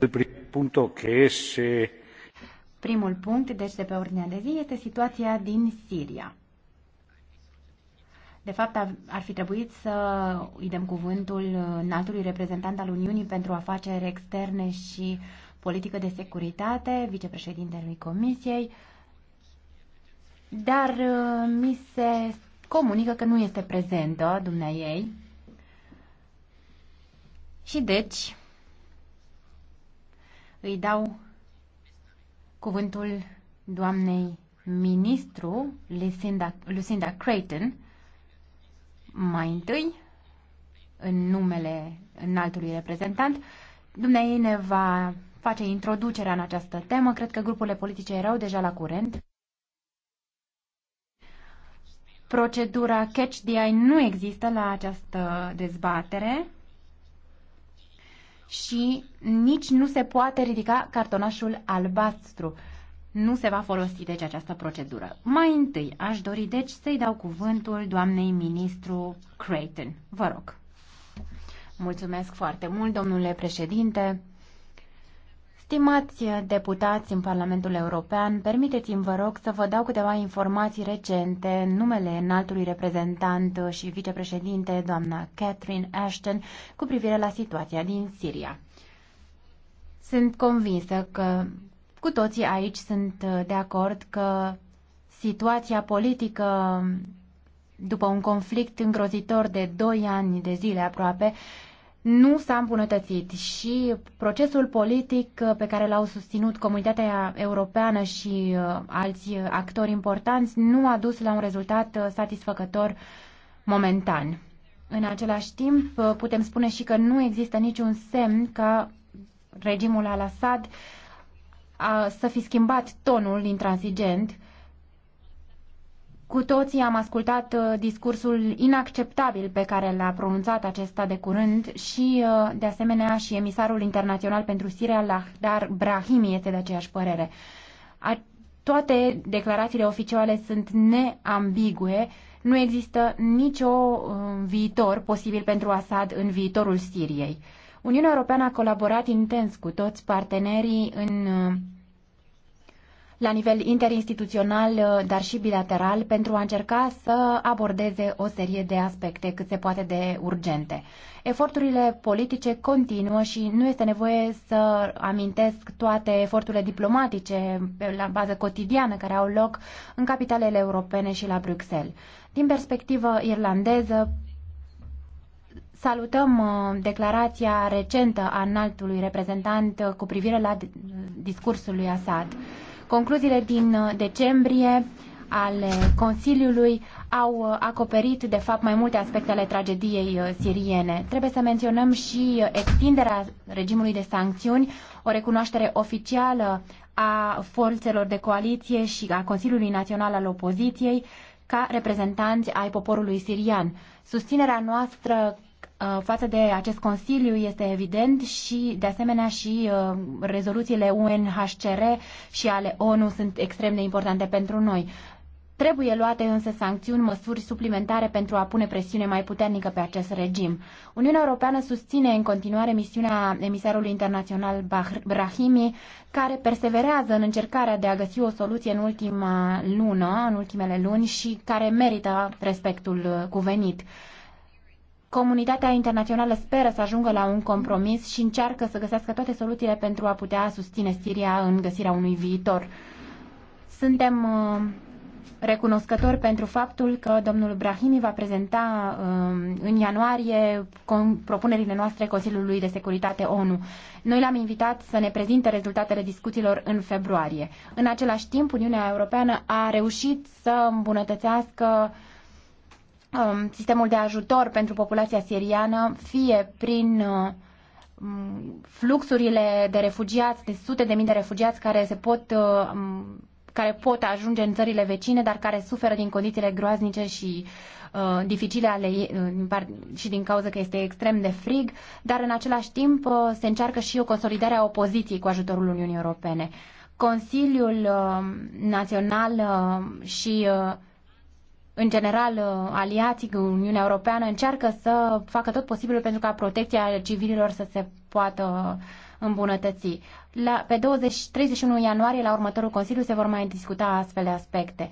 Eh, Primul punct, deci de pe ordinea de zi, este situația din Siria. De fapt, ar fi trebuit să îi dăm cuvântul înaltului reprezentant al Uniunii pentru afaceri externe și politică de securitate, vicepreședintelui Comisiei, dar uh, mi se comunică că nu este prezentă dumnea ei. Și deci, îi dau cuvântul doamnei ministru Lucinda, Lucinda Creighton mai întâi în numele înaltului reprezentant. Dumnezeu ne va face introducerea în această temă. Cred că grupurile politice erau deja la curent. Procedura Catch the Eye nu există la această dezbatere și nici nu se poate ridica cartonașul albastru. Nu se va folosi deci această procedură. Mai întâi aș dori deci să-i dau cuvântul doamnei ministru Creighton. Vă rog. Mulțumesc foarte mult, domnule președinte. Stimați deputați în Parlamentul European, permiteți-mi, vă rog, să vă dau câteva informații recente în numele înaltului reprezentant și vicepreședinte, doamna Catherine Ashton, cu privire la situația din Siria. Sunt convinsă că cu toții aici sunt de acord că situația politică după un conflict îngrozitor de 2 ani de zile aproape, nu s-a îmbunătățit și procesul politic uh, pe care l-au susținut comunitatea europeană și uh, alți uh, actori importanți nu a dus la un rezultat satisfăcător momentan. În același timp, putem spune și că nu există niciun semn că regimul al-Assad să fi schimbat tonul intransigent cu toții am ascultat uh, discursul inacceptabil pe care l-a pronunțat acesta de curând și, uh, de asemenea, și emisarul internațional pentru Siria, Lahdar Brahimi, este de aceeași părere. A, toate declarațiile oficiale sunt neambigue, nu există nicio uh, viitor posibil pentru Assad în viitorul Siriei. Uniunea Europeană a colaborat intens cu toți partenerii în uh, la nivel interinstituțional, uh, dar și bilateral, pentru a încerca să abordeze o serie de aspecte cât se poate de urgente. Eforturile politice continuă și nu este nevoie să amintesc toate eforturile diplomatice la bază cotidiană care au loc în capitalele europene și la Bruxelles. Din perspectivă irlandeză, Salutăm uh, declarația recentă a înaltului reprezentant uh, cu privire la discursul lui Assad. Concluziile din uh, decembrie ale Consiliului au uh, acoperit, de fapt, mai multe aspecte ale tragediei uh, siriene. Trebuie să menționăm și extinderea regimului de sancțiuni, o recunoaștere oficială a forțelor de coaliție și a Consiliului Național al Opoziției ca reprezentanți ai poporului sirian. Susținerea noastră Uh, față de acest Consiliu este evident și, de asemenea, și uh, rezoluțiile UNHCR și ale ONU sunt extrem de importante pentru noi. Trebuie luate însă sancțiuni, măsuri suplimentare pentru a pune presiune mai puternică pe acest regim. Uniunea Europeană susține în continuare misiunea emisarului internațional Brahimi, care perseverează în încercarea de a găsi o soluție în ultima lună, în ultimele luni și care merită respectul cuvenit. Comunitatea internațională speră să ajungă la un compromis și încearcă să găsească toate soluțiile pentru a putea susține Siria în găsirea unui viitor. Suntem uh, recunoscători pentru faptul că domnul Brahimi va prezenta uh, în ianuarie propunerile noastre Consiliului de Securitate ONU. Noi l-am invitat să ne prezinte rezultatele discuțiilor în februarie. În același timp, Uniunea Europeană a reușit să îmbunătățească Um, sistemul de ajutor pentru populația siriană, fie prin uh, um, fluxurile de refugiați, de sute de mii de refugiați care se pot uh, um, care pot ajunge în țările vecine, dar care suferă din condițiile groaznice și uh, dificile ale uh, și din cauza că este extrem de frig, dar în același timp uh, se încearcă și o consolidare a opoziției cu ajutorul Uniunii Europene. Consiliul uh, Național uh, și uh, în general, uh, aliații în Uniunea Europeană încearcă să facă tot posibilul pentru ca protecția civililor să se poată îmbunătăți. La, pe 20, 31 ianuarie, la următorul Consiliu, se vor mai discuta astfel de aspecte.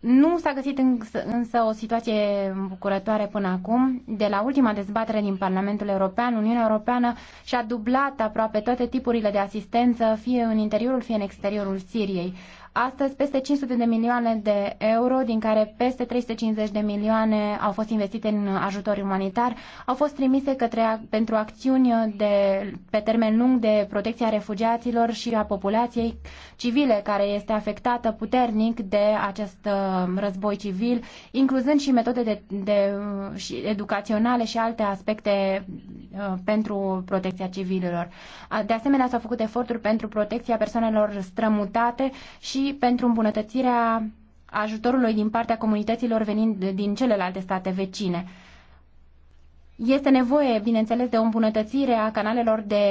Nu s-a găsit însă o situație bucurătoare până acum. De la ultima dezbatere din Parlamentul European, Uniunea Europeană și-a dublat aproape toate tipurile de asistență, fie în interiorul, fie în exteriorul Siriei. Astăzi, peste 500 de milioane de euro, din care peste 350 de milioane au fost investite în ajutor umanitar, au fost trimise către, pentru acțiuni de, pe termen lung de protecția refugiaților și a populației civile care este afectată puternic de acest uh, război civil, incluzând și metode de, de, uh, și educaționale și alte aspecte uh, pentru protecția civililor. De asemenea, s-au făcut eforturi pentru protecția persoanelor strămutate și pentru îmbunătățirea ajutorului din partea comunităților venind din celelalte state vecine. Este nevoie, bineînțeles, de o îmbunătățire a canalelor de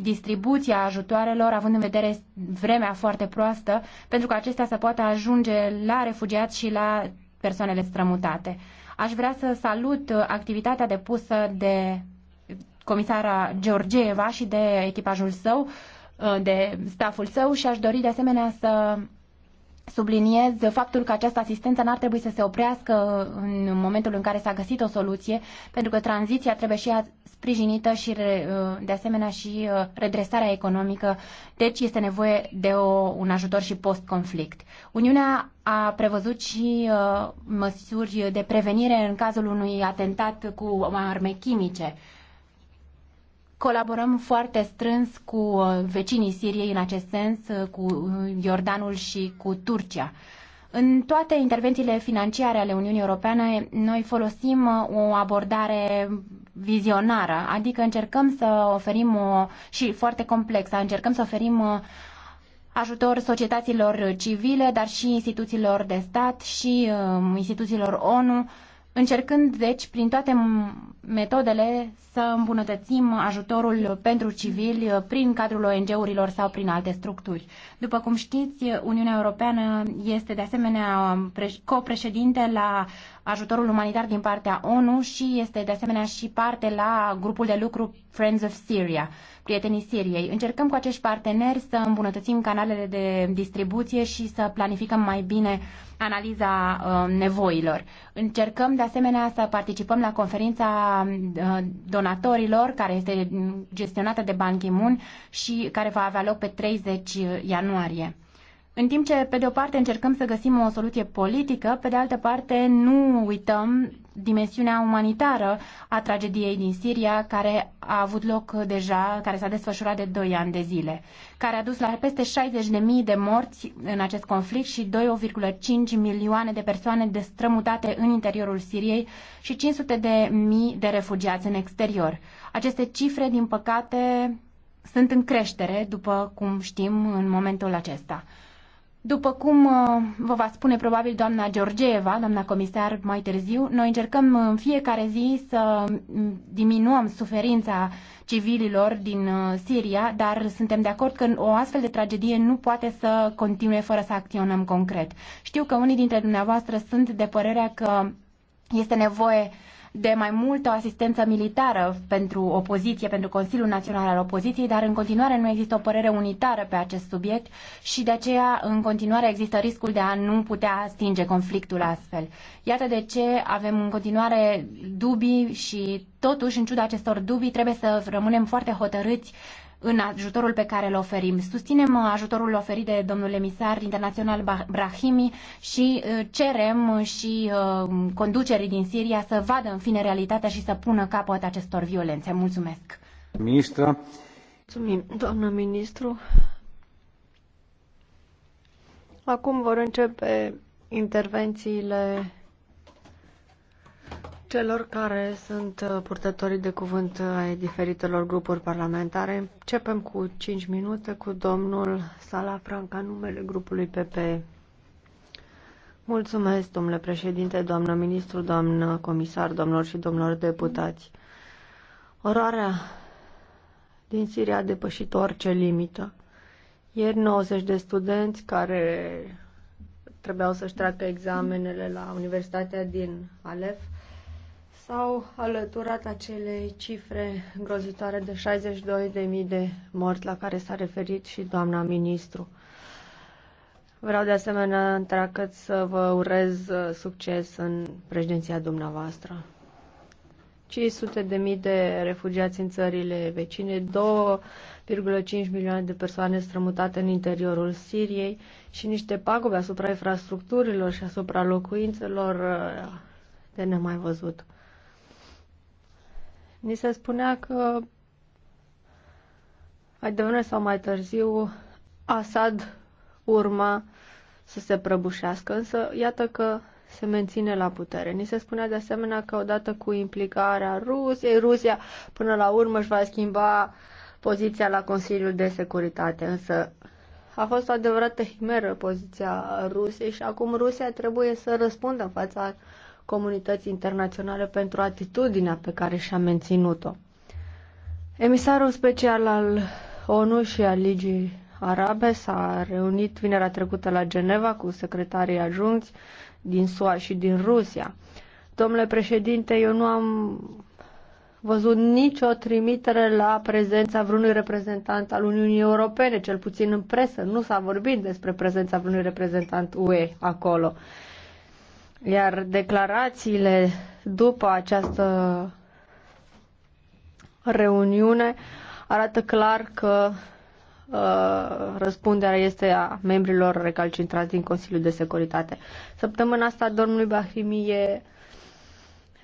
distribuție a ajutoarelor, având în vedere vremea foarte proastă, pentru că acestea să poată ajunge la refugiați și la persoanele strămutate. Aș vrea să salut activitatea depusă de comisara Georgieva și de echipajul său Uh, de staful său și aș dori de asemenea să subliniez faptul că această asistență n-ar trebui să se oprească în momentul în care s-a găsit o soluție, pentru că tranziția trebuie și ea sprijinită și uh, de asemenea și uh, redresarea economică, deci este nevoie de o, un ajutor și post-conflict. Uniunea a prevăzut și măsuri de prevenire în cazul unui atentat cu arme chimice. Colaborăm foarte strâns cu uh, vecinii Siriei în acest sens, uh, cu uh, Iordanul și cu Turcia. În toate intervențiile financiare ale Uniunii Europene, noi folosim o abordare vizionară, adică încercăm să oferim o, și foarte complexă, încercăm să oferim ajutor societăților civile, dar și instituțiilor de stat și instituțiilor ONU încercând deci prin toate metodele să îmbunătățim ajutorul pentru civili prin cadrul ONG-urilor sau prin alte structuri. După cum știți, Uniunea Europeană este de asemenea copreședinte la ajutorul umanitar din partea ONU și este de asemenea și parte la grupul de lucru Friends of Syria, prietenii Siriei. Încercăm cu acești parteneri să îmbunătățim canalele de distribuție și să planificăm mai bine analiza uh, nevoilor. Încercăm de asemenea să participăm la conferința uh, donatorilor care este gestionată de Ban Ki-moon și care va avea loc pe 30 ianuarie. În timp ce, pe de o parte, încercăm să găsim o soluție politică, pe de altă parte, nu uităm dimensiunea umanitară a tragediei din Siria, care a avut loc deja, care s-a desfășurat de 2 ani de zile, care a dus la peste 60.000 de morți în acest conflict și 2,5 milioane de persoane destrămutate în interiorul Siriei și 500.000 de de refugiați în exterior. Aceste cifre, din păcate, sunt în creștere, după cum știm în momentul acesta. După cum uh, vă va spune probabil doamna Georgieva, doamna comisar mai târziu, noi încercăm în fiecare zi să mm, diminuăm suferința civililor din uh, Siria, dar suntem de acord că o astfel de tragedie nu poate să continue fără să acționăm concret. Știu că unii dintre dumneavoastră sunt de părerea că este nevoie de mai multă asistență militară pentru opoziție, pentru Consiliul Național al Opoziției, dar în continuare nu există o părere unitară pe acest subiect și de aceea în continuare există riscul de a nu putea stinge conflictul astfel. Iată de ce avem în continuare dubii și totuși, în ciuda acestor dubii, trebuie să rămânem foarte hotărâți în ajutorul pe care îl oferim. Susținem uh, ajutorul oferit de domnul emisar internațional Brahimi și uh, cerem uh, și conducerii din Siria să vadă în fine realitatea și să pună capăt acestor violențe. Mulțumesc! Ministră. Mulțumim, doamnă ministru. Acum vor începe intervențiile celor care sunt uh, purtătorii de cuvânt uh, ai diferitelor grupuri parlamentare. Începem cu 5 minute cu domnul Sala Franca, numele grupului PP. Mulțumesc, domnule președinte, doamnă ministru, doamnă comisar, domnilor și domnilor deputați. Oroarea din Siria a depășit orice limită. Ieri 90 de studenți care trebuiau să-și treacă examenele la Universitatea din Alef s-au alăturat acele cifre grozitoare de 62.000 de morți la care s-a referit și doamna ministru. Vreau de asemenea, întreagăt, să vă urez uh, succes în președinția dumneavoastră. 500 de mii de refugiați în țările vecine, 2,5 milioane de persoane strămutate în interiorul Siriei și niște pagube asupra infrastructurilor și asupra locuințelor uh, de nemai văzut. Ni se spunea că mai devreme sau mai târziu Assad urma să se prăbușească, însă iată că se menține la putere. Ni se spunea de asemenea că odată cu implicarea Rusiei, Rusia până la urmă își va schimba poziția la Consiliul de Securitate, însă a fost o adevărată himeră poziția Rusiei și acum Rusia trebuie să răspundă în fața comunității internaționale pentru atitudinea pe care și-a menținut-o. Emisarul special al ONU și al Ligii Arabe s-a reunit vinerea trecută la Geneva cu secretarii ajunți din SUA și din Rusia. Domnule președinte, eu nu am văzut nicio trimitere la prezența vreunui reprezentant al Uniunii Europene, cel puțin în presă. Nu s-a vorbit despre prezența vreunui reprezentant UE acolo. Iar declarațiile după această reuniune arată clar că uh, răspunderea este a membrilor recalcitrați din Consiliul de Securitate. Săptămâna asta domnului Bahrimi e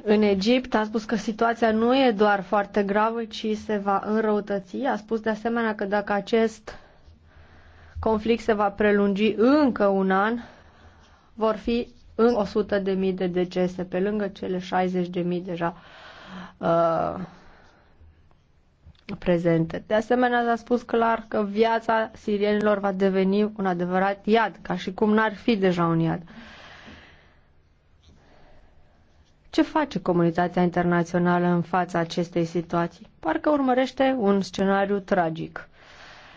în Egipt, a spus că situația nu e doar foarte gravă, ci se va înrăutăți. A spus de asemenea că dacă acest conflict se va prelungi încă un an, vor fi în 100.000 de decese, pe lângă cele 60.000 deja uh, prezente. De asemenea, s-a spus clar că viața sirienilor va deveni un adevărat iad, ca și cum n-ar fi deja un iad. Ce face comunitatea internațională în fața acestei situații? Parcă urmărește un scenariu tragic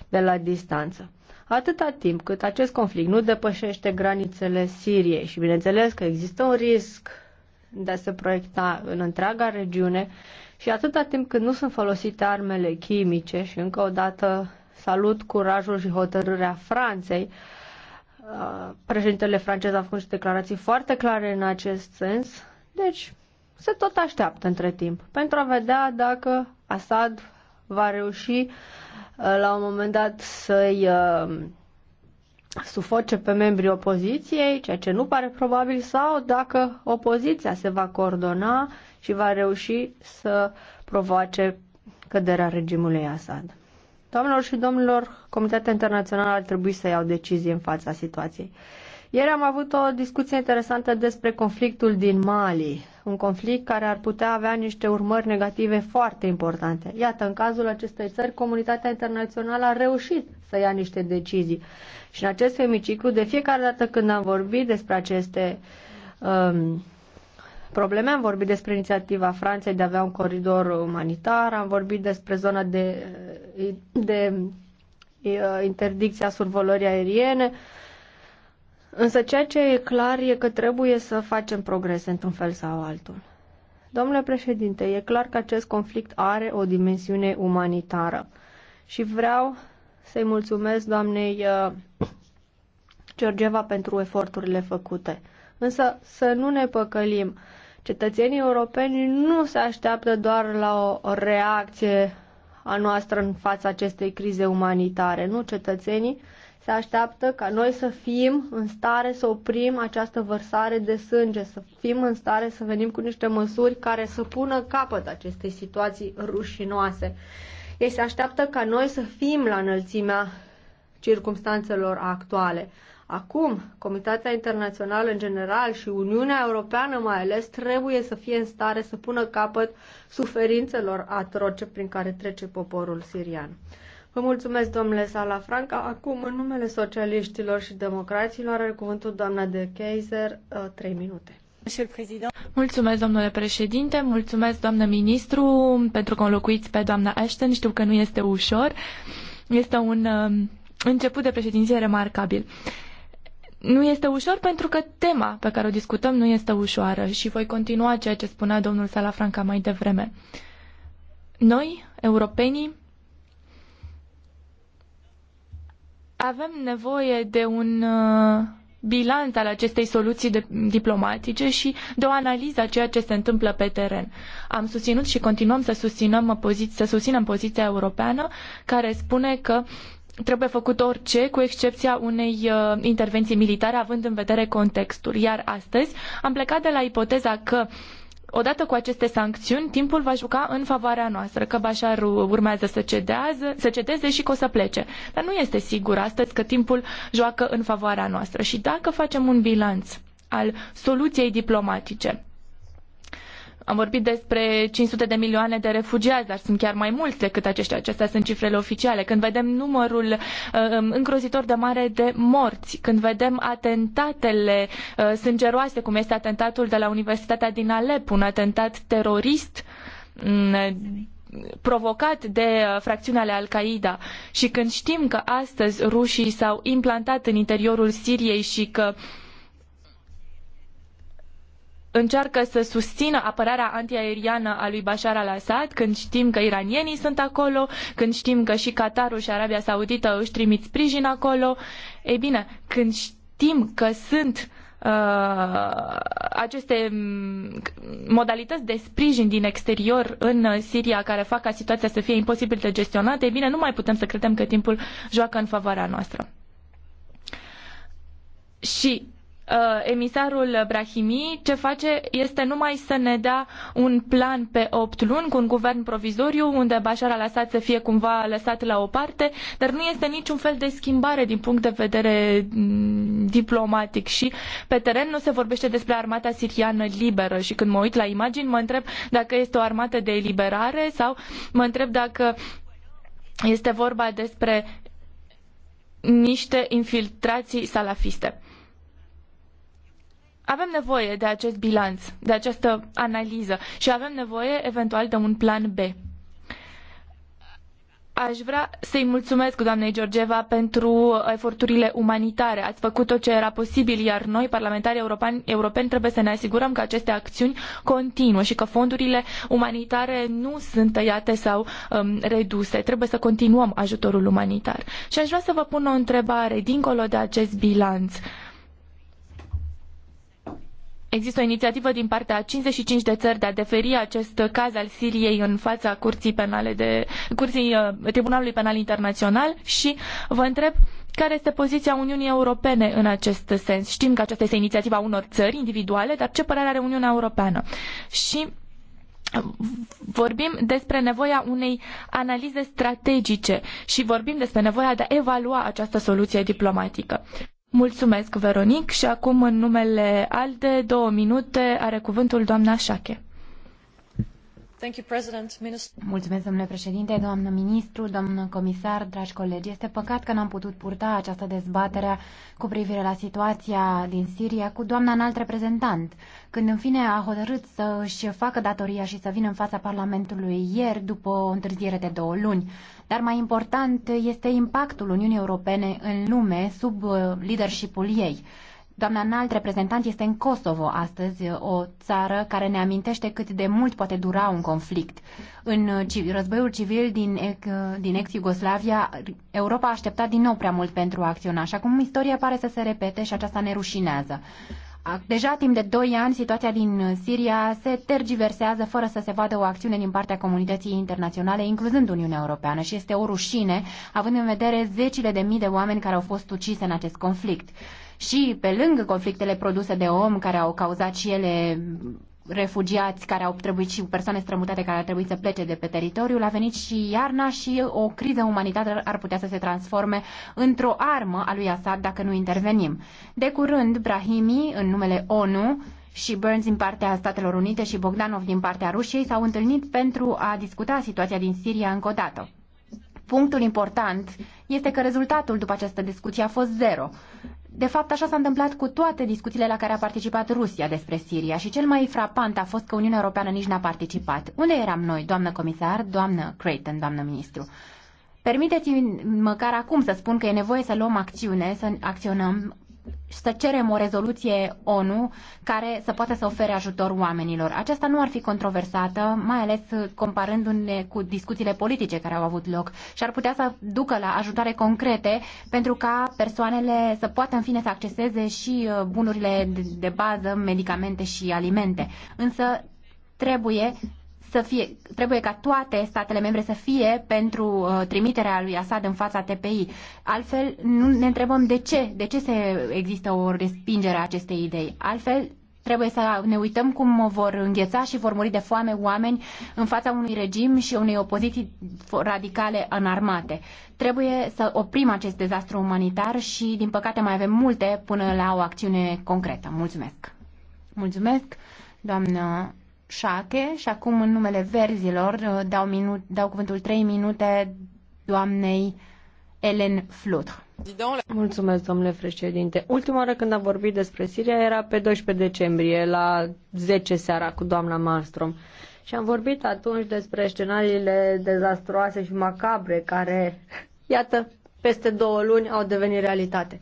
de la distanță atâta timp cât acest conflict nu depășește granițele Siriei și bineînțeles că există un risc de a se proiecta în întreaga regiune și atâta timp cât nu sunt folosite armele chimice și încă o dată salut curajul și hotărârea Franței, uh, președintele francez a făcut și declarații foarte clare în acest sens, deci se tot așteaptă între timp pentru a vedea dacă Assad va reuși Uh, la un moment dat să-i uh, sufoce pe membrii opoziției, ceea ce nu pare probabil, sau dacă opoziția se va coordona și va reuși să provoace căderea regimului Assad. Doamnelor și domnilor, Comitatea Internațională ar trebui să iau decizie în fața situației. Ieri am avut o discuție interesantă despre conflictul din Mali, un conflict care ar putea avea niște urmări negative foarte importante. Iată, în cazul acestei țări, comunitatea internațională a reușit să ia niște decizii. Și în acest femiciclu, de fiecare dată când am vorbit despre aceste um, probleme, am vorbit despre inițiativa Franței de a avea un coridor umanitar, am vorbit despre zona de, de uh, interdicția survolării aeriene, uh, Însă ceea ce e clar e că trebuie să facem progrese într-un fel sau altul. Domnule președinte, e clar că acest conflict are o dimensiune umanitară și vreau să-i mulțumesc doamnei uh, Georgeva pentru eforturile făcute. Însă să nu ne păcălim. Cetățenii europeni nu se așteaptă doar la o reacție a noastră în fața acestei crize umanitare. Nu, cetățenii se așteaptă ca noi să fim în stare să oprim această vărsare de sânge, să fim în stare să venim cu niște măsuri care să pună capăt acestei situații rușinoase. Ei se așteaptă ca noi să fim la înălțimea circumstanțelor actuale. Acum, Comitatea Internațională în general și Uniunea Europeană mai ales trebuie să fie în stare să pună capăt suferințelor atroce prin care trece poporul sirian. Vă mulțumesc, domnule Salafranca. Acum, în numele socialiștilor și democraților, are cuvântul doamna de Kaiser, uh, trei minute. Mulțumesc, domnule președinte, mulțumesc, doamnă ministru, pentru că înlocuiți pe doamna Ashton. Știu că nu este ușor. Este un um, început de președinție remarcabil. Nu este ușor pentru că tema pe care o discutăm nu este ușoară și voi continua ceea ce spunea domnul Salafranca mai devreme. Noi, europenii, Avem nevoie de un uh, bilanț al acestei soluții diplomatice și de o analiză a ceea ce se întâmplă pe teren. Am susținut și continuăm să, susținem poziția, să susținem poziția europeană care spune că trebuie făcut orice, cu excepția unei uh, intervenții militare, având în vedere contextul. Iar astăzi am plecat de la ipoteza că odată cu aceste sancțiuni, timpul va juca în favoarea noastră, că Bashar urmează să, cedează, să cedeze și că o să plece. Dar nu este sigur astăzi că timpul joacă în favoarea noastră. Și dacă facem un bilanț al soluției diplomatice, am vorbit despre 500 de milioane de refugiați, dar sunt chiar mai mulți decât aceștia. Acestea sunt cifrele oficiale. Când vedem numărul uh, um, îngrozitor de mare de morți, când vedem atentatele uh, sângeroase, cum este atentatul de la Universitatea din Alep, un atentat terorist mm, provocat de uh, fracțiunea ale Al-Qaeda și când știm că astăzi rușii s-au implantat în interiorul Siriei și că uh, încearcă să susțină apărarea antiaeriană a lui Bashar al-Assad, când știm că iranienii sunt acolo, când știm că și Qatarul și Arabia Saudită își trimit sprijin acolo. Ei bine, când știm că sunt uh, aceste mm, modalități de sprijin din exterior în uh, Siria care fac ca situația să fie imposibil de gestionat, ei bine, nu mai putem să credem că timpul joacă în favoarea noastră. Și Uh, emisarul Brahimi ce face este numai să ne dea un plan pe opt luni cu un guvern provizoriu unde Bashar al-Assad să fie cumva lăsat la o parte, dar nu este niciun fel de schimbare din punct de vedere mm, diplomatic și pe teren nu se vorbește despre armata siriană liberă și când mă uit la imagini mă întreb dacă este o armată de eliberare sau mă întreb dacă este vorba despre niște infiltrații salafiste. Avem nevoie de acest bilanț, de această analiză și avem nevoie eventual de un plan B. Aș vrea să-i mulțumesc doamnei Georgeva pentru eforturile umanitare. Ați făcut tot ce era posibil, iar noi, parlamentarii europeni, europeni, trebuie să ne asigurăm că aceste acțiuni continuă și că fondurile umanitare nu sunt tăiate sau um, reduse. Trebuie să continuăm ajutorul umanitar. Și aș vrea să vă pun o întrebare, dincolo de acest bilanț. Uh, Există o inițiativă din partea a 55 de țări de a deferi acest caz al Siriei în fața Curții, penale de, curții uh, Tribunalului Penal Internațional și vă întreb care este poziția Uniunii Europene în acest sens. Știm că aceasta este inițiativa unor țări individuale, dar ce părere are Uniunea Europeană? Și vorbim despre nevoia unei analize strategice și vorbim despre nevoia de a evalua această soluție diplomatică. Mulțumesc, Veronic, și acum în numele ALDE, două minute, are cuvântul doamna Șache. Mulțumesc, domnule președinte, doamnă ministru, doamnă comisar, dragi colegi. Este păcat că n-am putut purta această dezbatere cu privire la situația din Siria cu doamna înalt reprezentant, când în fine a hotărât să își facă datoria și să vină în fața Parlamentului ieri după o întârziere de două luni. Dar mai important este impactul Uniunii Europene în lume sub uh, leadership ei Doamna înalt reprezentant este în Kosovo astăzi, o țară care ne amintește cât de mult poate dura un conflict. În uh, războiul civil din, uh, din ex-Iugoslavia, Europa a așteptat din nou prea mult pentru a acționa și acum istoria pare să se repete și aceasta ne rușinează. Deja timp de 2 ani, situația din uh, Siria se tergiversează fără să se vadă o acțiune din partea comunității internaționale, incluzând Uniunea Europeană, și este o rușine, având în vedere zecile de mii de oameni care au fost ucise în acest conflict și pe lângă conflictele produse de om care au cauzat și ele refugiați care au trebuit și persoane strămutate care au trebuit să plece de pe teritoriul, a venit și iarna și o criză umanitară ar putea să se transforme într-o armă a lui Assad dacă nu intervenim. De curând, Brahimi, în numele ONU, și Burns din partea Statelor Unite și Bogdanov din partea Rusiei s-au întâlnit pentru a discuta situația din Siria încă o dată. Punctul important este că rezultatul după această discuție a fost zero. De fapt, așa s-a întâmplat cu toate discuțiile la care a participat Rusia despre Siria și cel mai frapant a fost că Uniunea Europeană nici n-a participat. Unde eram noi, doamnă comisar, doamnă Creighton, doamnă ministru? Permiteți-mi măcar acum să spun că e nevoie să luăm acțiune, să acționăm să cerem o rezoluție ONU care să poată să ofere ajutor oamenilor. Aceasta nu ar fi controversată, mai ales comparându-ne cu discuțiile politice care au avut loc și ar putea să ducă la ajutoare concrete pentru ca persoanele să poată în fine să acceseze și uh, bunurile de bază, medicamente și alimente. Însă trebuie să fie, trebuie ca toate statele membre să fie pentru uh, trimiterea lui Assad în fața TPI. Altfel, nu ne întrebăm de ce, de ce se există o respingere a acestei idei. Altfel, trebuie să ne uităm cum vor îngheța și vor muri de foame oameni în fața unui regim și unei opoziții radicale armate. Trebuie să oprim acest dezastru umanitar și, din păcate, mai avem multe până la o acțiune concretă. Mulțumesc! Mulțumesc, doamnă Șache și acum în numele verzilor uh, dau, minut, dau cuvântul 3 minute doamnei Ellen Flutre. Mulțumesc, domnule președinte. Ultima oară când am vorbit despre Siria era pe 12 decembrie, la 10 seara, cu doamna Malmström. Și am vorbit atunci despre scenariile dezastroase și macabre care, iată, peste două luni au devenit realitate.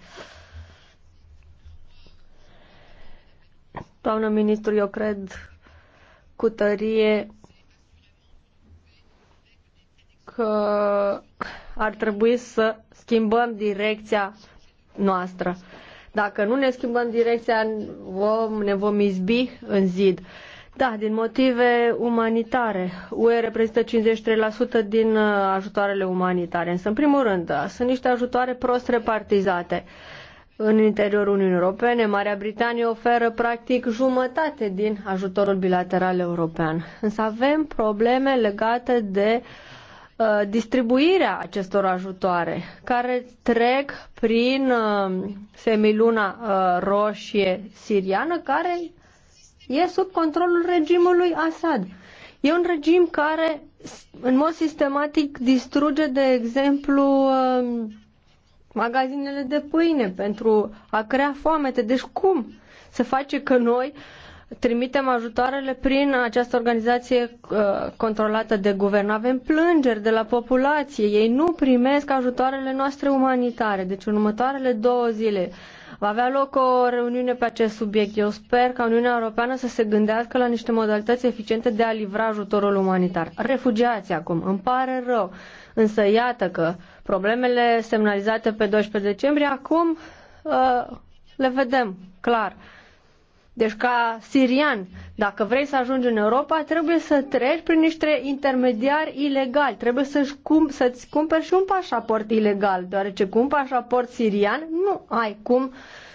Doamnă ministru, eu cred cu tărie că ar trebui să schimbăm direcția noastră. Dacă nu ne schimbăm direcția, vom, ne vom izbi în zid. Da, din motive umanitare. UE reprezintă 53% din uh, ajutoarele umanitare. Însă, în primul rând, uh, sunt niște ajutoare prost repartizate. Uh, în interiorul Uniunii Europene. Marea Britanie oferă practic jumătate din ajutorul bilateral european. Însă avem probleme legate de uh, distribuirea acestor ajutoare care trec prin uh, semiluna uh, roșie siriană care e sub controlul regimului Assad. E un regim care în mod sistematic distruge, de exemplu, uh, magazinele de pâine pentru a crea foamete. Deci cum se face că noi trimitem ajutoarele prin această organizație uh, controlată de guvern. Avem plângeri de la populație. Ei nu primesc ajutoarele noastre umanitare. Deci în următoarele două zile uh, Va avea loc o reuniune pe acest subiect. Eu sper ca Uniunea Europeană să se gândească la niște modalități eficiente de a livra ajutorul umanitar. Refugiații acum. Îmi pare rău. Însă iată că problemele semnalizate pe 12 decembrie acum uh, le vedem clar. Uh, deci ca sirian, dacă vrei să ajungi în Europa, trebuie să treci prin niște intermediari ilegali. Trebuie să-ți cum, să cumperi și un pașaport ilegal, deoarece cu un pașaport sirian nu ai cum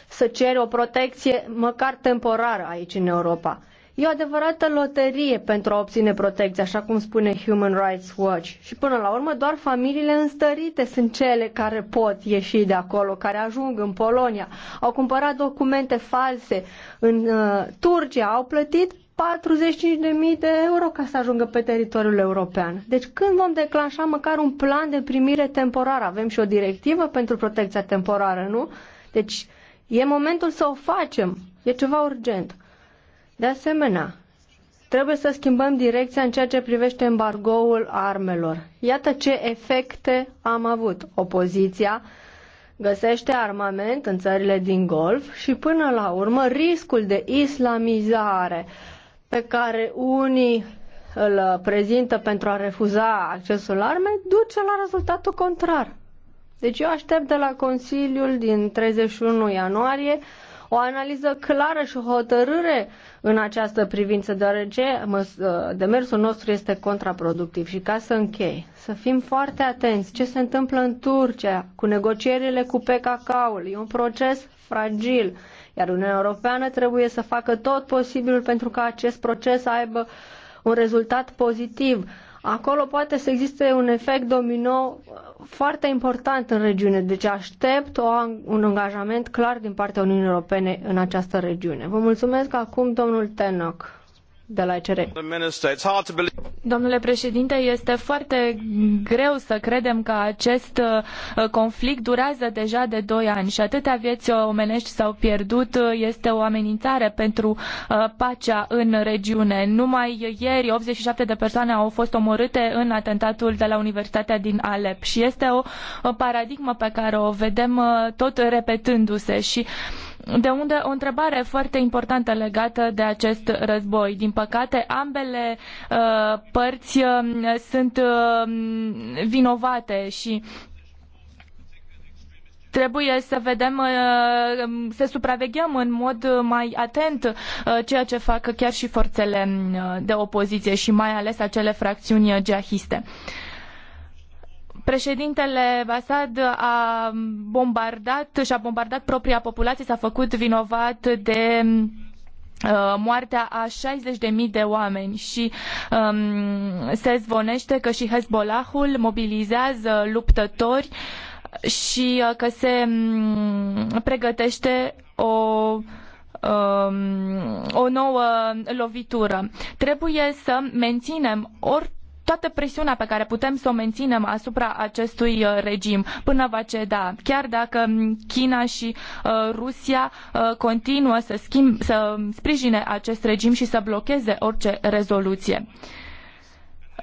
să ceri o protecție măcar temporară aici în Europa. E o adevărată loterie pentru a obține protecție, așa cum spune Human Rights Watch. Și până la urmă, doar familiile înstărite sunt cele care pot ieși de acolo, care ajung în Polonia. Au cumpărat documente false în uh, Turcia, au plătit 45.000 de euro ca să ajungă pe teritoriul european. Deci când vom declanșa măcar un plan de primire temporară? Avem și o directivă pentru protecția temporară, nu? Deci e momentul să o facem. E ceva urgent. De asemenea, trebuie să schimbăm direcția în ceea ce privește embargoul armelor. Iată ce efecte am avut. Opoziția găsește armament în țările din Golf și până la urmă riscul de islamizare pe care unii îl prezintă pentru a refuza accesul arme duce la rezultatul contrar. Deci eu aștept de la Consiliul din 31 ianuarie o analiză clară și o hotărâre în această privință, deoarece demersul nostru este contraproductiv. Și ca să închei, să fim foarte atenți ce se întâmplă în Turcia cu negocierile cu PKK-ul. E un proces fragil, iar Uniunea Europeană trebuie să facă tot posibilul pentru ca acest proces să aibă un rezultat pozitiv Acolo poate să existe un efect domino foarte important în regiune, deci aștept o, un angajament clar din partea Uniunii Europene în această regiune. Vă mulțumesc acum, domnul Tenoc de la ECR. Domnule președinte, este foarte greu să credem că acest uh, conflict durează deja de doi ani și atâtea vieți uh, omenești s-au pierdut. Uh, este o amenințare pentru pacea în regiune. Numai ieri 87 de persoane au fost omorâte în atentatul de la Universitatea din Alep și este o paradigmă pe care o vedem tot repetându-se și de unde o întrebare foarte importantă legată de acest război. Din păcate, ambele uh, părți uh, sunt uh, vinovate și trebuie să vedem, uh, să supraveghem în mod mai atent uh, ceea ce fac chiar și forțele uh, de opoziție și mai ales acele fracțiuni jihadiste. Președintele Assad a bombardat și a bombardat propria populație, s-a făcut vinovat de uh, moartea a 60.000 de oameni și um, se zvonește că și Hezbollahul mobilizează luptători și uh, că se mm, pregătește o um, o nouă lovitură. Trebuie să menținem or, toată presiunea pe care putem să o menținem asupra acestui uh, regim până va ceda, chiar dacă mm, China și uh, Rusia uh, continuă să, schimb, să sprijine acest regim și să blocheze orice rezoluție.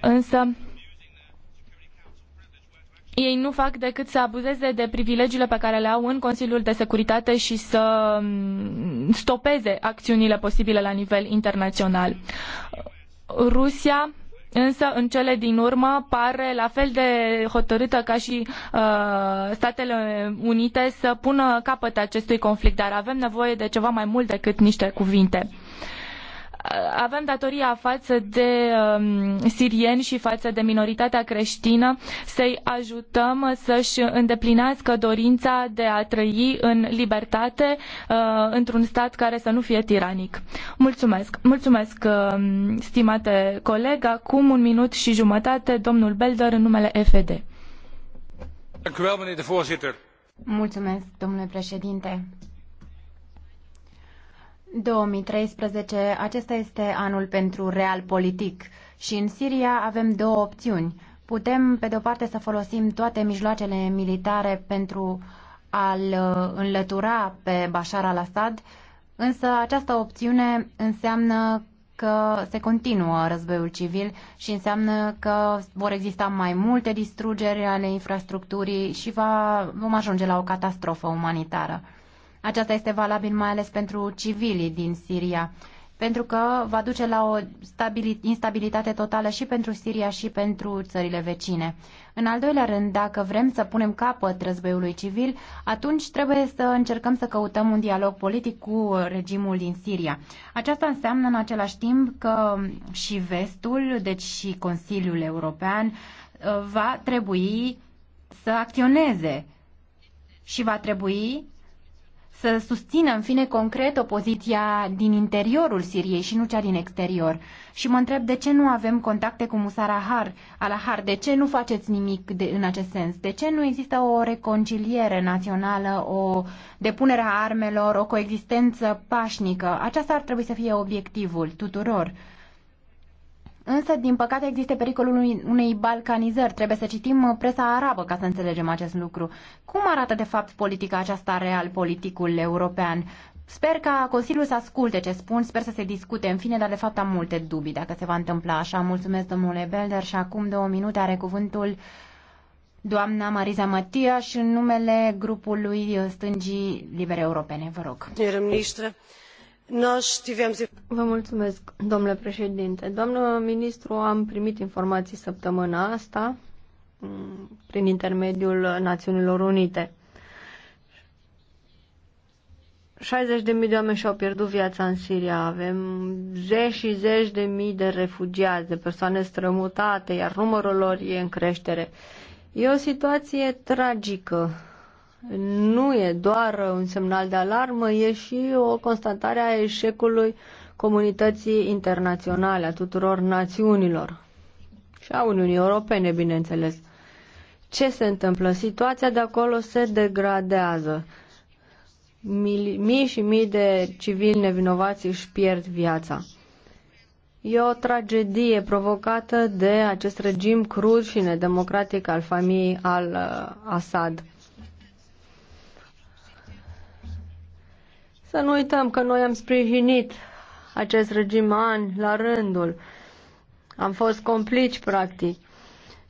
Însă, ei nu fac decât să abuzeze de privilegiile pe care le au în Consiliul de Securitate și să mm, stopeze acțiunile posibile la nivel internațional. Rusia însă în cele din urmă pare la fel de hotărâtă ca și uh, Statele Unite să pună capăt acestui conflict, dar avem nevoie de ceva mai mult decât niște cuvinte avem datoria față de um, sirieni și față de minoritatea creștină să-i ajutăm să-și îndeplinească dorința de a trăi în libertate uh, într-un stat care să nu fie tiranic. Mulțumesc. Mulțumesc, um, stimate coleg. Acum un minut și jumătate, domnul Belder, în numele FD. Mulțumesc, domnule președinte. 2013, acesta este anul pentru real politic și în Siria avem două opțiuni. Putem, pe de-o parte, să folosim toate mijloacele militare pentru a-l uh, înlătura pe Bashar al-Assad, însă această opțiune înseamnă că se continuă războiul civil și înseamnă că vor exista mai multe distrugeri ale infrastructurii și va, vom ajunge la o catastrofă umanitară. Aceasta este valabil mai ales pentru civilii din Siria, pentru că va duce la o instabilitate totală și pentru Siria și pentru țările vecine. În al doilea rând, dacă vrem să punem capăt războiului civil, atunci trebuie să încercăm să căutăm un dialog politic cu regimul din Siria. Aceasta înseamnă în același timp că și Vestul, deci și Consiliul European, va trebui să acționeze și va trebui să susțină în fine concret opoziția din interiorul Siriei și nu cea din exterior. Și mă întreb de ce nu avem contacte cu Musarahar, Alahar, de ce nu faceți nimic de, în acest sens, de ce nu există o reconciliere națională, o depunere a armelor, o coexistență pașnică. Aceasta ar trebui să fie obiectivul tuturor. Însă, din păcate, există pericolul unei balcanizări. Trebuie să citim uh, presa arabă ca să înțelegem acest lucru. Cum arată, de fapt, politica aceasta real, politicul european? Sper ca Consiliul să asculte ce spun, sper să se discute în fine, dar de fapt am multe dubii dacă se va întâmpla așa. Mulțumesc, domnule Belder, și acum două minute are cuvântul doamna Mariza Matias în numele grupului uh, Stângii Libere Europene. Vă rog. Domnule ministru, Vă mulțumesc, domnule președinte. Doamnă ministru, am primit informații săptămâna asta mm, prin intermediul Națiunilor Unite. 60.000 de oameni și-au pierdut viața în Siria, avem zeci și zeci de mii de refugiați, de persoane strămutate, iar numărul lor e în creștere. E o situație tragică nu e doar un semnal de alarmă, e și o constatare a eșecului comunității internaționale, a tuturor națiunilor și a Uniunii Europene, bineînțeles. Ce se întâmplă? Situația de acolo se degradează. Mii, mii și mii de civili nevinovați își pierd viața. E o tragedie provocată de acest regim crud și nedemocratic al familiei al Assad. Să nu uităm că noi am sprijinit acest regim ani la rândul. Am fost complici, practic.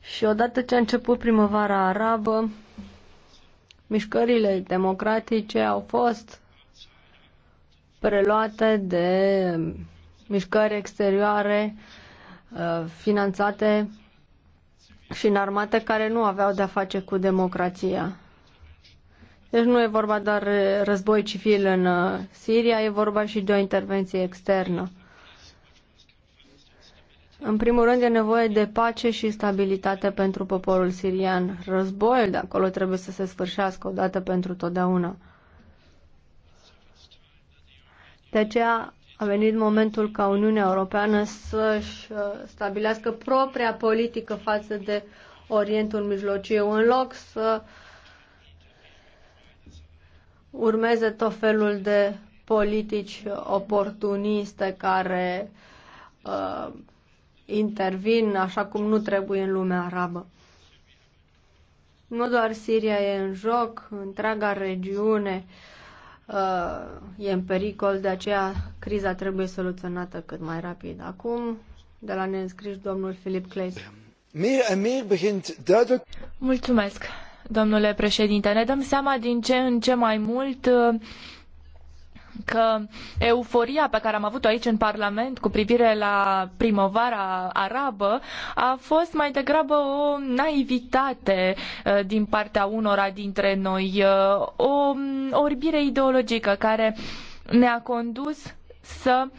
Și odată ce a început primăvara arabă, mișcările democratice au fost preluate de mișcări exterioare uh, finanțate și înarmate care nu aveau de-a face cu democrația. Deci nu e vorba doar de război civil în uh, Siria, e vorba și de o intervenție externă. În primul rând e nevoie de pace și stabilitate pentru poporul sirian. Războiul de acolo trebuie să se sfârșească odată pentru totdeauna. De aceea a venit momentul ca Uniunea Europeană să-și uh, stabilească propria politică față de Orientul Mijlociu, în loc să uh, urmeze tot felul de politici oportuniste care uh, intervin așa cum nu trebuie în lumea arabă. Nu doar Siria e în joc, întreaga regiune uh, e în pericol, de aceea criza trebuie soluționată cât mai rapid. Acum, de la neînscriși, domnul Filip Clay. Mulțumesc domnule președinte. Ne dăm seama din ce în ce mai mult uh, că euforia pe care am avut-o aici în Parlament cu privire la primăvara arabă a fost mai degrabă o naivitate uh, din partea unora dintre noi, uh, o um, orbire ideologică care ne-a condus să uh,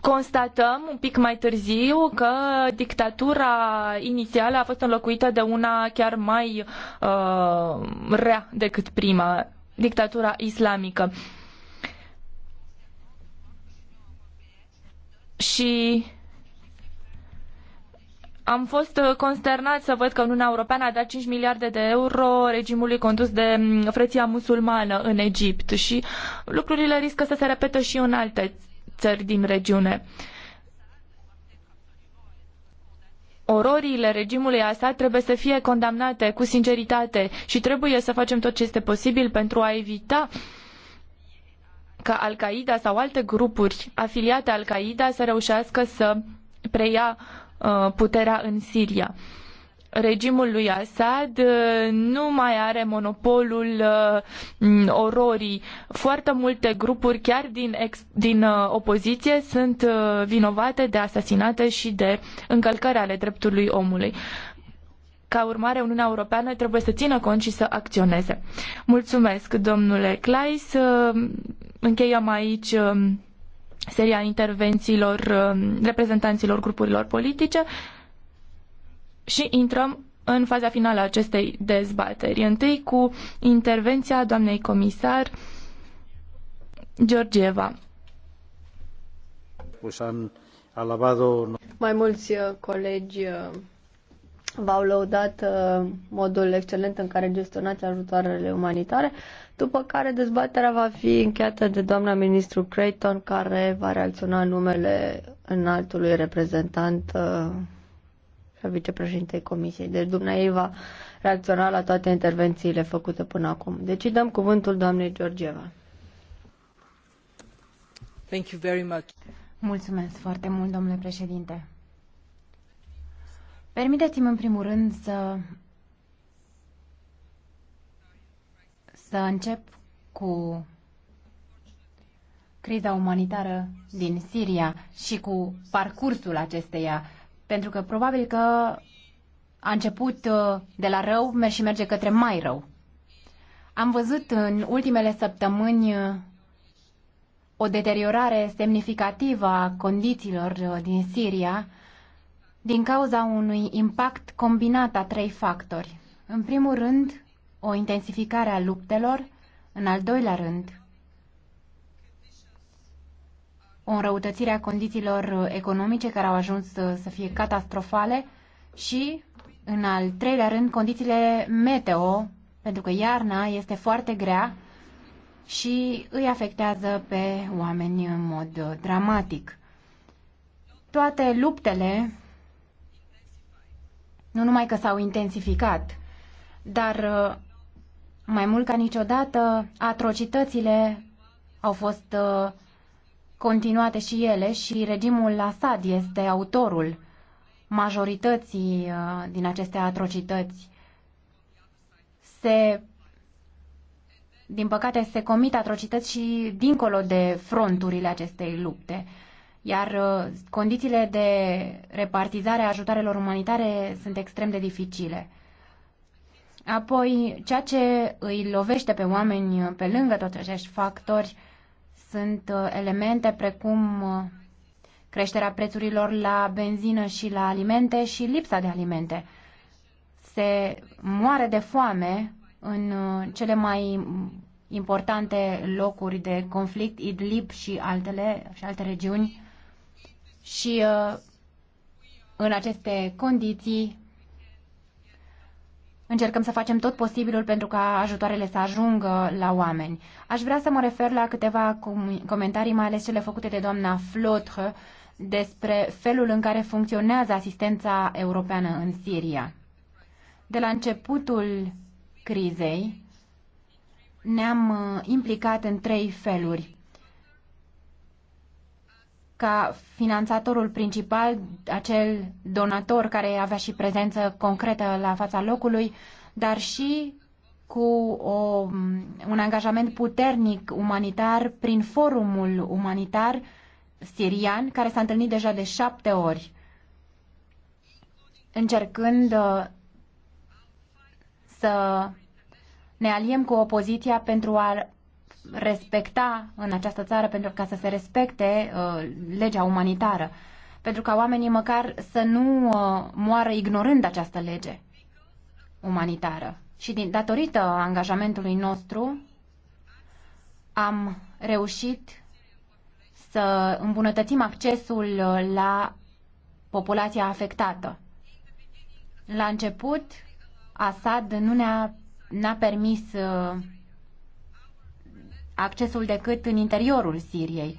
constatăm un pic mai târziu că dictatura inițială a fost înlocuită de una chiar mai uh, rea decât prima, dictatura islamică. Și am fost consternat să văd că Uniunea Europeană a dat 5 miliarde de euro regimului condus de mm, frăția musulmană în Egipt și lucrurile riscă să se repete și în alte țări din regiune. Ororile regimului Assad trebuie să fie condamnate cu sinceritate și trebuie să facem tot ce este posibil pentru a evita ca Al-Qaeda sau alte grupuri afiliate Al-Qaeda să reușească să preia uh, puterea în Siria regimul lui Assad uh, nu mai are monopolul uh, mm, ororii. Foarte multe grupuri, chiar din, ex, din uh, opoziție, sunt vinovate de asasinate și de încălcări ale dreptului omului. Ca urmare, Uniunea Europeană trebuie să țină cont și să acționeze. Mulțumesc, domnule Clais. Încheiem aici um, seria intervențiilor um, reprezentanților grupurilor politice și intrăm în faza finală a acestei dezbateri. Întâi cu intervenția doamnei comisar Georgieva. Mai mulți uh, colegi uh, v-au lăudat uh, modul excelent în care gestionați ajutoarele umanitare, după care dezbaterea va fi încheiată de doamna ministru Creighton, care va reacționa numele înaltului reprezentant vicepreședintei Comisiei. Deci dumneavoastră va reacționa la toate intervențiile făcute până acum. Deci dăm cuvântul doamnei Georgieva. Thank you very much. Mulțumesc foarte mult, domnule președinte. Permiteți-mi în primul rând să să încep cu criza umanitară din Siria și cu parcursul acesteia pentru că probabil că a început uh, de la rău și merge către mai rău. Am văzut în ultimele săptămâni uh, o deteriorare semnificativă a condițiilor uh, din Siria din cauza unui impact combinat a trei factori. În primul rând, o intensificare a luptelor, în al doilea rând, o înrăutățire a condițiilor economice care au ajuns uh, să, fie catastrofale și, în al treilea rând, condițiile meteo, pentru că iarna este foarte grea și îi afectează pe oameni în mod uh, dramatic. Toate luptele nu numai că s-au intensificat, dar uh, mai mult ca niciodată atrocitățile au fost uh, continuate și ele și regimul Assad este autorul majorității uh, din aceste atrocități. Se, din păcate, se comit atrocități și dincolo de fronturile acestei lupte. Iar uh, condițiile de repartizare a ajutarelor umanitare sunt extrem de dificile. Apoi, ceea ce îi lovește pe oameni uh, pe lângă toți acești factori sunt uh, elemente precum uh, creșterea prețurilor la benzină și la alimente și lipsa de alimente. Se moare de foame în uh, cele mai importante locuri de conflict, Idlib și altele și alte regiuni. Și în aceste condiții încercăm să facem tot posibilul pentru ca ajutoarele să ajungă la oameni. Aș vrea să mă refer la câteva comentarii, mai ales cele făcute de doamna Flotre, despre felul în care funcționează asistența europeană în Siria. De la începutul crizei ne-am uh, implicat în trei feluri ca finanțatorul principal, acel donator care avea și prezență concretă la fața locului, dar și cu o, un angajament puternic umanitar prin forumul umanitar sirian, care s-a întâlnit deja de șapte ori, încercând uh, să ne aliem cu opoziția pentru a respecta în această țară pentru ca să se respecte uh, legea umanitară, pentru ca oamenii măcar să nu uh, moară ignorând această lege umanitară. Și din, datorită angajamentului nostru am reușit să îmbunătățim accesul uh, la populația afectată. La început, Assad nu ne-a permis uh, accesul decât în interiorul Siriei.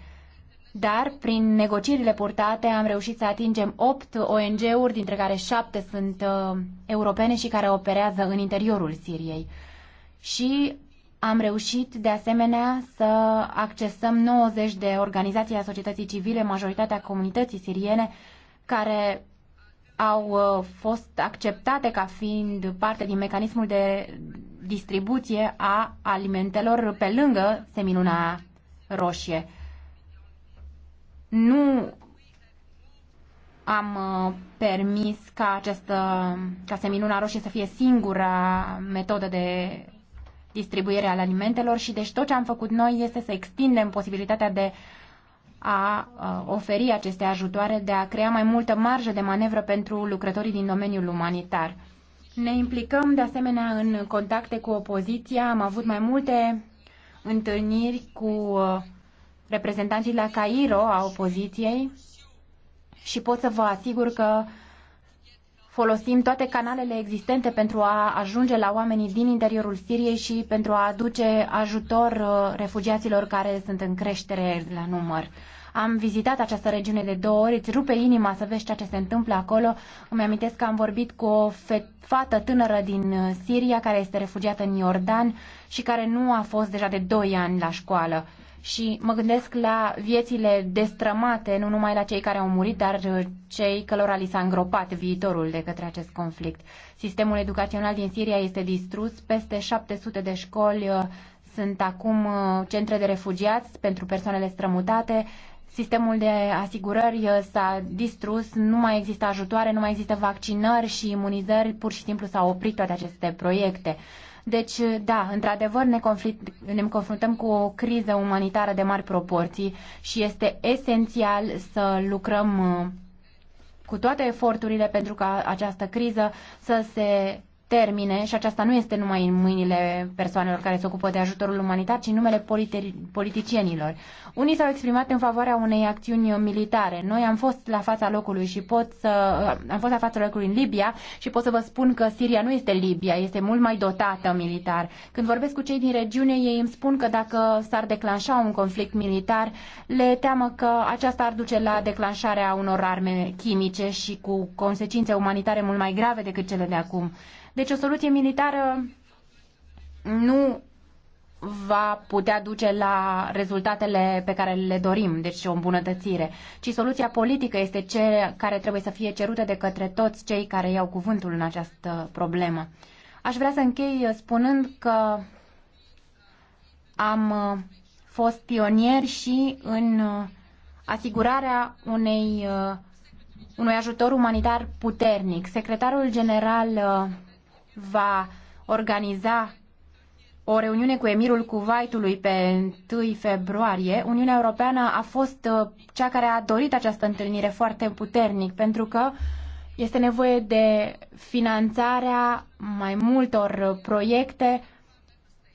Dar, prin negocierile purtate, am reușit să atingem 8 ONG-uri, dintre care 7 sunt uh, europene și care operează în interiorul Siriei. Și am reușit, de asemenea, să accesăm 90 de organizații a societății civile, majoritatea comunității siriene, care au uh, fost acceptate ca fiind parte din mecanismul de distribuție a alimentelor pe lângă seminuna roșie. Nu am uh, permis ca, această, ca seminuna roșie să fie singura metodă de distribuire al alimentelor și deci tot ce am făcut noi este să extindem posibilitatea de a uh, oferi aceste ajutoare, de a crea mai multă marjă de manevră pentru lucrătorii din domeniul umanitar. Ne implicăm de asemenea în contacte cu opoziția. Am avut mai multe întâlniri cu uh, reprezentanții la Cairo a opoziției și pot să vă asigur că folosim toate canalele existente pentru a ajunge la oamenii din interiorul Siriei și pentru a aduce ajutor uh, refugiaților care sunt în creștere la număr. Am vizitat această regiune de două ori, îți rupe inima să vezi ceea ce se întâmplă acolo. Îmi amintesc că am vorbit cu o fată tânără din uh, Siria care este refugiată în Iordan și care nu a fost deja de 2 ani la școală și mă gândesc la viețile destrămate, nu numai la cei care au murit, dar uh, cei călora li s-a îngropat viitorul de către acest conflict. Sistemul educațional din Siria este distrus, peste 700 de școli uh, sunt acum centre de refugiați pentru persoanele strămutate, Sistemul de asigurări uh, s-a distrus, nu mai există ajutoare, nu mai există vaccinări și imunizări, pur și simplu s-au oprit toate aceste proiecte. Deci, uh, da, într-adevăr ne, conflict, ne confruntăm cu o criză umanitară de mari proporții și este esențial să lucrăm uh, cu toate eforturile pentru ca această criză să se termine, și aceasta nu este numai în mâinile persoanelor care se ocupă de ajutorul umanitar, ci în numele politicienilor. Unii s-au exprimat în favoarea unei acțiuni militare. Noi am fost la fața locului și pot să... am fost la fața locului în Libia și pot să vă spun că Siria nu este Libia, este mult mai dotată militar. Când vorbesc cu cei din regiune, ei îmi spun că dacă s-ar declanșa un conflict militar, le teamă că aceasta ar duce la declanșarea unor arme chimice și cu consecințe umanitare mult mai grave decât cele de acum. Deci o soluție militară nu va putea duce la rezultatele pe care le dorim, deci o îmbunătățire, ci soluția politică este cea care trebuie să fie cerută de către toți cei care iau cuvântul în această problemă. Aș vrea să închei spunând că am uh, fost pionieri și în uh, asigurarea unei, uh, unui ajutor umanitar puternic. Secretarul general va organiza o reuniune cu emirul Kuwaitului pe 1 februarie, Uniunea Europeană a fost uh, cea care a dorit această întâlnire foarte puternic, pentru că este nevoie de finanțarea mai multor uh, proiecte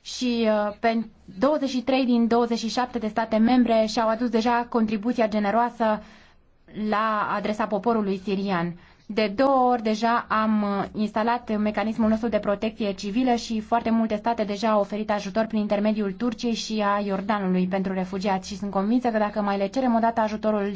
și uh, pe 23 din 27 de state membre și-au adus deja contribuția generoasă la adresa poporului sirian. De două ori deja am uh, instalat mecanismul nostru de protecție civilă și foarte multe state deja au oferit ajutor prin intermediul Turciei și a Iordanului pentru refugiați și sunt convinsă că dacă mai le cerem o dată ajutorul,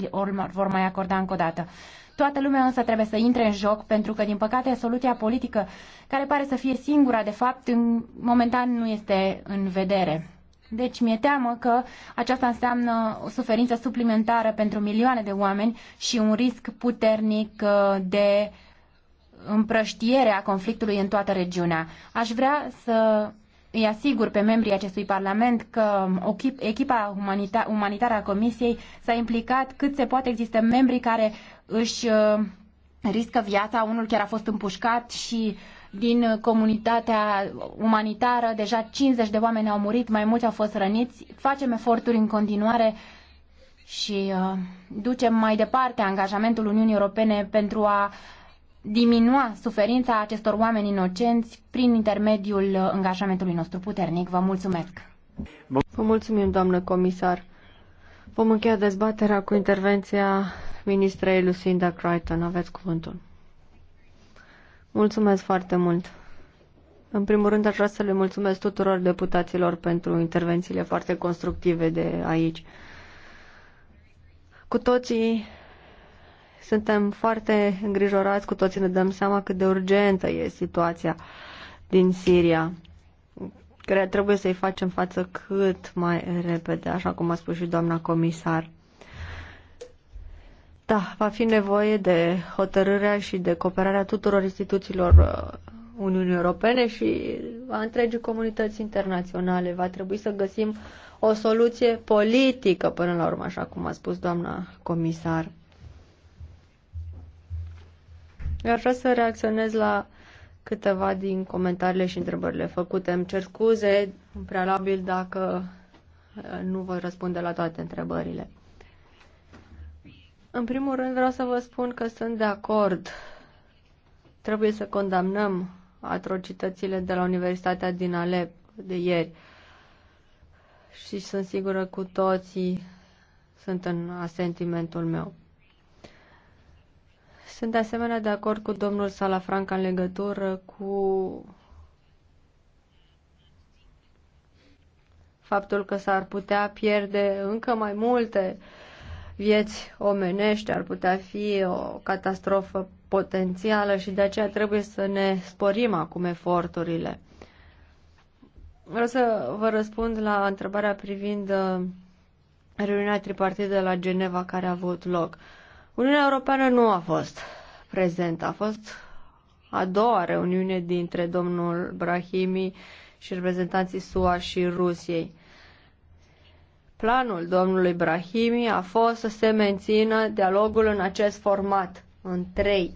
vor mai acorda încă o dată. Toată lumea însă trebuie să intre în joc pentru că, din păcate, soluția politică, care pare să fie singura, de fapt, în, momentan nu este în vedere. Deci mi-e teamă că aceasta înseamnă o suferință suplimentară pentru milioane de oameni și un risc puternic uh, de împrăștiere a conflictului în toată regiunea. Aș vrea să îi asigur pe membrii acestui Parlament că echipa umanita- umanitară a Comisiei s-a implicat cât se poate. Există membri care își uh, riscă viața, unul chiar a fost împușcat și uh, din uh, comunitatea umanitară. Deja 50 de oameni au murit, mai mulți au fost răniți. Facem eforturi în continuare și uh, ducem mai departe angajamentul Uniunii Europene pentru a diminua suferința acestor oameni inocenți prin intermediul uh, angajamentului nostru puternic. Vă mulțumesc! Vă mulțumim, doamnă comisar! Vom încheia dezbaterea cu intervenția ministrei Lucinda Crichton. Aveți cuvântul. Mulțumesc foarte mult. În primul rând, aș vrea să le mulțumesc tuturor deputaților pentru intervențiile foarte constructive de aici. Cu toții suntem foarte îngrijorați, cu toții ne dăm seama cât de urgentă e situația din Siria. Cred trebuie să-i facem față cât mai repede, așa cum a spus și doamna comisar. Da, va fi nevoie de hotărârea și de cooperarea tuturor instituțiilor uh, Uniunii Europene și a întregii comunități internaționale. Va trebui să găsim o soluție politică până la urmă, așa cum a spus doamna comisar. Eu aș vrea să reacționez la câteva din comentariile și întrebările făcute. Îmi cer scuze în prealabil dacă uh, nu voi răspunde la toate întrebările. În primul rând vreau să vă spun că sunt de acord. Trebuie să condamnăm atrocitățile de la Universitatea din Alep de ieri. Și sunt sigură cu toții sunt în asentimentul meu. Sunt de asemenea de acord cu domnul Salafranca în legătură cu faptul că s-ar putea pierde încă mai multe uh, vieți omenești, ar putea fi o catastrofă potențială și de aceea trebuie să ne sporim acum eforturile. Vreau să vă răspund la întrebarea privind uh, reuniunea tripartită de la Geneva care a avut loc. Uniunea Europeană nu a fost prezentă, a fost a doua reuniune dintre domnul Brahimi și reprezentanții SUA și Rusiei. Planul domnului Brahimi a fost să se mențină dialogul în acest format, în trei.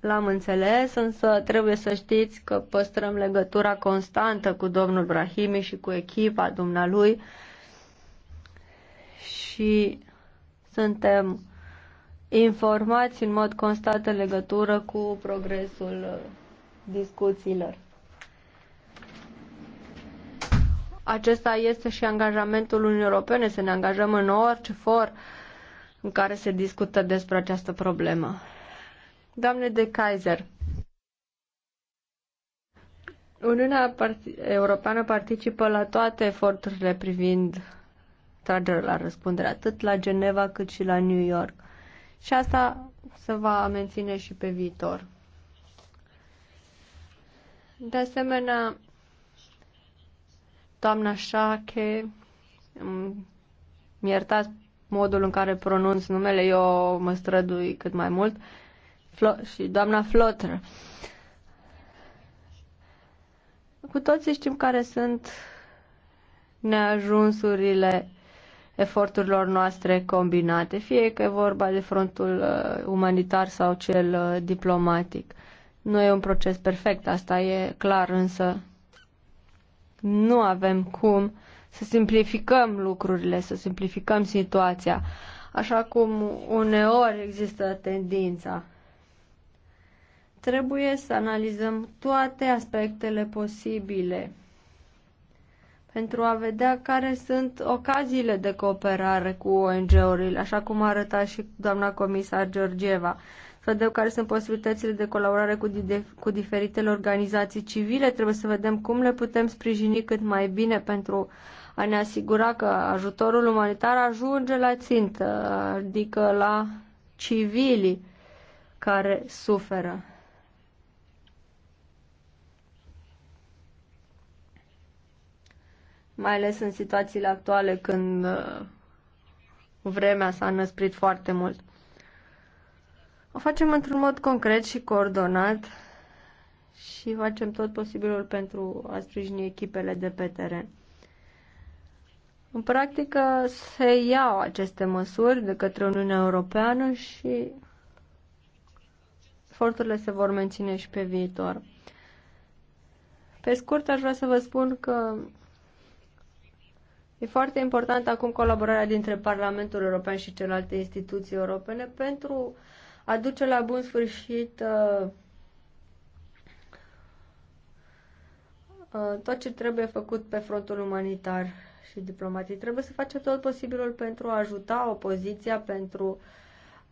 L-am înțeles, însă trebuie să știți că păstrăm legătura constantă cu domnul Brahimi și cu echipa dumnealui și suntem informați în mod constant în legătură cu progresul discuțiilor. Acesta este și angajamentul Uniunii Europene să ne angajăm în orice for în care se discută despre această problemă. Doamne de Kaiser, Uniunea Europeană participă la toate eforturile privind tragerea la răspundere, atât la Geneva cât și la New York. Și asta se va menține și pe viitor. De asemenea, doamna Șache, mi-iertați modul în care pronunț numele, eu mă strădui cât mai mult, Flo- și doamna Flotr. Cu toții știm care sunt neajunsurile eforturilor noastre combinate, fie că e vorba de frontul uh, umanitar sau cel uh, diplomatic. Nu e un proces perfect, asta e clar, însă nu avem cum să simplificăm lucrurile, să simplificăm situația, așa cum uneori există tendința. Trebuie să analizăm toate aspectele posibile pentru a vedea care sunt ocaziile de cooperare cu ONG-urile, așa cum arăta și doamna comisar Georgieva să vedem care sunt posibilitățile de colaborare cu, de, cu diferitele organizații civile, trebuie să vedem cum le putem sprijini cât mai bine pentru a ne asigura că ajutorul umanitar ajunge la țintă, adică la civilii care suferă. Mai ales în situațiile actuale când uh, vremea s-a năsprit foarte mult. O facem într-un mod concret și coordonat și facem tot posibilul pentru a sprijini echipele de pe teren. În practică se iau aceste măsuri de către Uniunea Europeană și eforturile se vor menține și pe viitor. Pe scurt, aș vrea să vă spun că e foarte important acum colaborarea dintre Parlamentul European și celelalte instituții europene pentru aduce la bun sfârșit uh, uh, tot ce trebuie făcut pe frontul umanitar și diplomatic. Trebuie să facem tot posibilul pentru a ajuta opoziția, pentru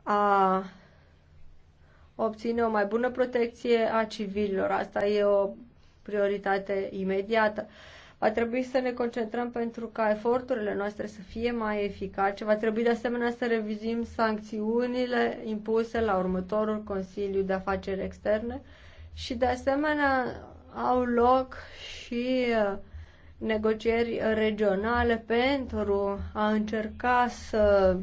a obține o mai bună protecție a civililor. Asta e o prioritate imediată. Uh, Va trebui să ne concentrăm pentru ca eforturile noastre să fie mai eficace. Va trebui de asemenea să revizim sancțiunile impuse la următorul Consiliu de Afaceri Externe și de asemenea au loc și uh, negocieri regionale pentru a încerca să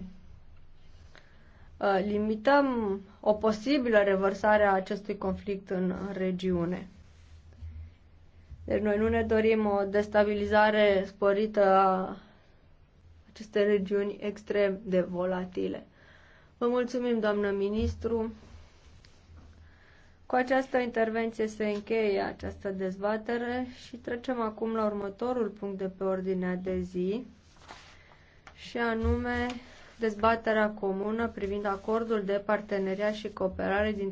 uh, limităm o posibilă revărsare a acestui conflict în regiune. Deci noi nu ne dorim o destabilizare sporită a acestei regiuni extrem de volatile. Vă mulțumim, doamnă ministru. Cu această intervenție se încheie această dezbatere și trecem acum la următorul punct de pe ordinea de zi, și anume dezbaterea comună privind acordul de parteneriat și cooperare dintre